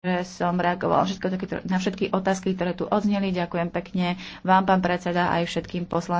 že som reagoval všetko, na všetky otázky, ktoré tu odzneli. Ďakujem pekne vám, pán predseda, aj všetkým poslancom.